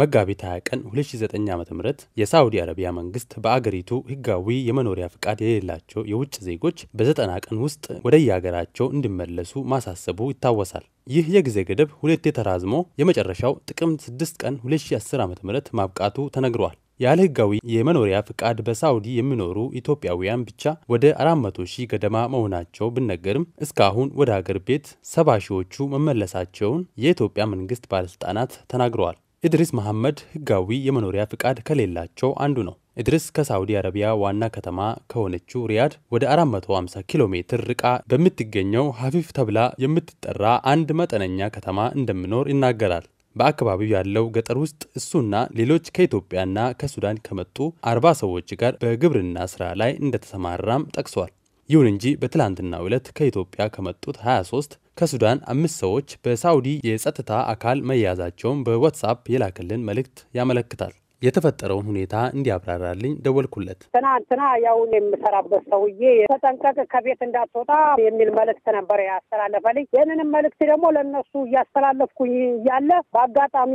መጋቢት 20 ቀን 2009 ም የሳዑዲ አረቢያ መንግስት በአገሪቱ ህጋዊ የመኖሪያ ፍቃድ የሌላቸው የውጭ ዜጎች በዘጠና ቀን ውስጥ የአገራቸው እንዲመለሱ ማሳሰቡ ይታወሳል። ይህ የጊዜ ገደብ ሁለቴ ተራዝሞ የመጨረሻው ጥቅምት 6 ቀን 2010 ዓ.ም ማብቃቱ ተነግሯል። ያለ ህጋዊ የመኖሪያ ፍቃድ በሳዑዲ የሚኖሩ ኢትዮጵያውያን ብቻ ወደ 400 ሺህ ገደማ መሆናቸው ቢነገርም እስካሁን ወደ አገር ቤት ሰባ ሺዎቹ መመለሳቸውን የኢትዮጵያ መንግስት ባለስልጣናት ተናግረዋል። ኢድሪስ መሐመድ ህጋዊ የመኖሪያ ፍቃድ ከሌላቸው አንዱ ነው። ኢድሪስ ከሳዑዲ አረቢያ ዋና ከተማ ከሆነችው ሪያድ ወደ 450 ኪሎ ሜትር ርቃ በምትገኘው ሀፊፍ ተብላ የምትጠራ አንድ መጠነኛ ከተማ እንደሚኖር ይናገራል። በአካባቢው ያለው ገጠር ውስጥ እሱና ሌሎች ከኢትዮጵያና ከሱዳን ከመጡ አርባ ሰዎች ጋር በግብርና ስራ ላይ እንደተሰማራም ጠቅሷል። ይሁን እንጂ በትላንትናው ዕለት ከኢትዮጵያ ከመጡት 23 ከሱዳን አምስት ሰዎች በሳውዲ የጸጥታ አካል መያዛቸውን በዋትስአፕ የላከልን መልእክት ያመለክታል። የተፈጠረውን ሁኔታ እንዲያብራራልኝ ደወልኩለት። ትናንትና ያው የምሰራበት ሰውዬ ተጠንቀቅ፣ ከቤት እንዳትወጣ የሚል መልእክት ነበር ያስተላለፈልኝ። ይህንንም መልእክት ደግሞ ለእነሱ እያስተላለፍኩኝ እያለ በአጋጣሚ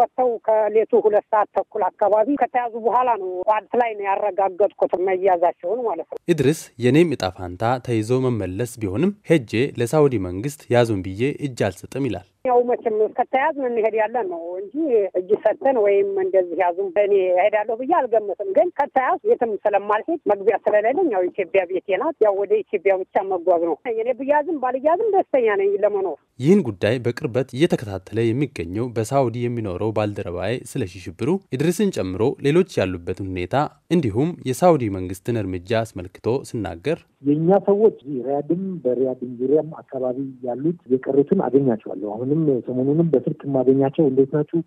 መጥተው ከሌቱ ሁለት ሰዓት ተኩል አካባቢ ከተያዙ በኋላ ነው ጠዋት ላይ ነው ያረጋገጥኩት መያዛቸውን ማለት ነው። ኢድሪስ የኔም እጣ ፋንታ ተይዞ መመለስ ቢሆንም ሄጄ ለሳውዲ መንግስት ያዙን ብዬ እጅ አልሰጥም ይላል። ያው መቼም እስከተያዝን እንሄድ ነው እንጂ እጅ ሰተን ወይም እንደዚህ ያዙም እኔ እሄዳለሁ ብዬ አልገምትም። ግን ከተያዝ የትም ስለማልሄድ መግቢያ ስለሌለኝ ያው ኢትዮጵያ ቤቴ ናት። ያው ወደ ኢትዮጵያ ብቻ መጓዝ ነው። እኔ ብያዝም ባልያዝም ደስተኛ ነኝ ለመኖር። ይህን ጉዳይ በቅርበት እየተከታተለ የሚገኘው በሳውዲ የሚኖረው ባልደረባዬ ስለ ሽሽብሩ ኢድሪስን ጨምሮ ሌሎች ያሉበትን ሁኔታ እንዲሁም የሳውዲ መንግስትን እርምጃ አስመልክቶ ስናገር የእኛ ሰዎች ሪያድም በሪያድም ዙሪያም አካባቢ ያሉት የቀሩትን አገኛቸዋለሁ። አሁንም ሰሞኑንም በስልክ የማገኛቸው እንዴት ናችሁ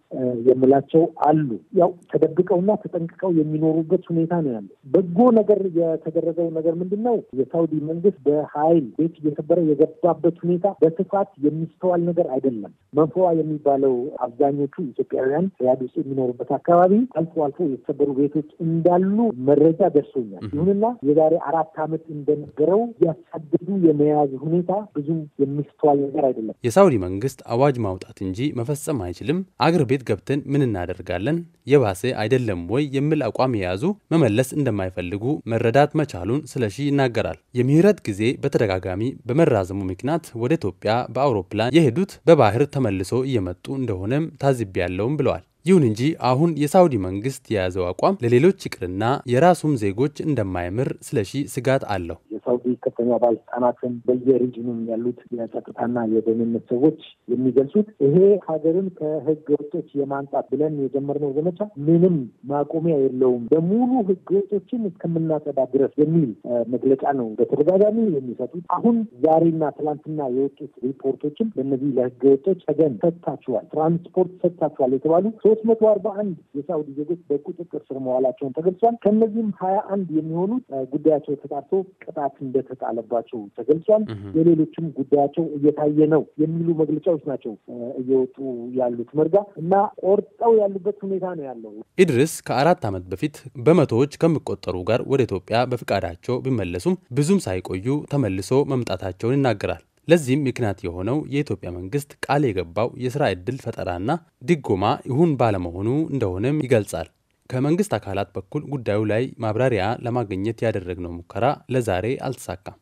የምላቸው አሉ። ያው ተደብቀውና ተጠንቅቀው የሚኖሩበት ሁኔታ ነው ያለ። በጎ ነገር የተደረገው ነገር ምንድን ነው? የሳውዲ መንግስት በኃይል ቤት እየሰበረ የገባበት ሁኔታ በስፋት የሚስተዋል ነገር አይደለም። መንፈዋ የሚባለው አብዛኞቹ ኢትዮጵያውያን ሪያድ ውስጥ የሚኖሩበት አካባቢ አልፎ አልፎ የተሰበሩ ቤቶች እንዳሉ መረጃ ደርሶኛል። ይሁንና የዛሬ አራት ዓመት እንደ የነበረው እያሳደዱ የመያዝ ሁኔታ ብዙ የሚስተዋል ነገር አይደለም። የሳውዲ መንግስት አዋጅ ማውጣት እንጂ መፈጸም አይችልም። አገር ቤት ገብተን ምን እናደርጋለን የባሰ አይደለም ወይ የሚል አቋም የያዙ መመለስ እንደማይፈልጉ መረዳት መቻሉን ስለሺ ይናገራል። የምህረት ጊዜ በተደጋጋሚ በመራዘሙ ምክንያት ወደ ኢትዮጵያ በአውሮፕላን የሄዱት በባህር ተመልሶ እየመጡ እንደሆነም ታዝቤያለሁም ብለዋል። ይሁን እንጂ አሁን የሳውዲ መንግስት የያዘው አቋም ለሌሎች ይቅርና የራሱም ዜጎች እንደማይምር ስለሺ ስጋት አለው። Saudi ከፍተኛ ባለስልጣናትን በየሪጅኑም ያሉት የጸጥታና የደህንነት ሰዎች የሚገልጹት ይሄ ሀገርን ከህገ ወጦች የማንጣት ብለን የጀመርነው ዘመቻ ምንም ማቆሚያ የለውም በሙሉ ህገ ወጦችን እስከምናጸዳ ድረስ የሚል መግለጫ ነው በተደጋጋሚ የሚሰጡት። አሁን ዛሬና ትላንትና የወጡት ሪፖርቶችም በእነዚህ ለህገ ወጦች ተገን ሰጥታችኋል፣ ትራንስፖርት ሰጥታችኋል የተባሉ ሶስት መቶ አርባ አንድ የሳውዲ ዜጎች በቁጥጥር ስር መዋላቸውን ተገልጿል። ከእነዚህም ሀያ አንድ የሚሆኑት ጉዳያቸው ተጣርቶ ቅጣት እንደተጣለ እንዳለባቸው ተገልጿል። የሌሎችም ጉዳያቸው እየታየ ነው የሚሉ መግለጫዎች ናቸው እየወጡ ያሉት መርጋ እና ቆርጠው ያሉበት ሁኔታ ነው ያለው። ኢድሪስ ከአራት ዓመት በፊት በመቶዎች ከሚቆጠሩ ጋር ወደ ኢትዮጵያ በፍቃዳቸው ቢመለሱም ብዙም ሳይቆዩ ተመልሶ መምጣታቸውን ይናገራል። ለዚህም ምክንያት የሆነው የኢትዮጵያ መንግስት ቃል የገባው የስራ ዕድል ፈጠራና ድጎማ ይሁን ባለመሆኑ እንደሆነም ይገልጻል። ከመንግስት አካላት በኩል ጉዳዩ ላይ ማብራሪያ ለማግኘት ያደረግነው ሙከራ ለዛሬ አልተሳካም።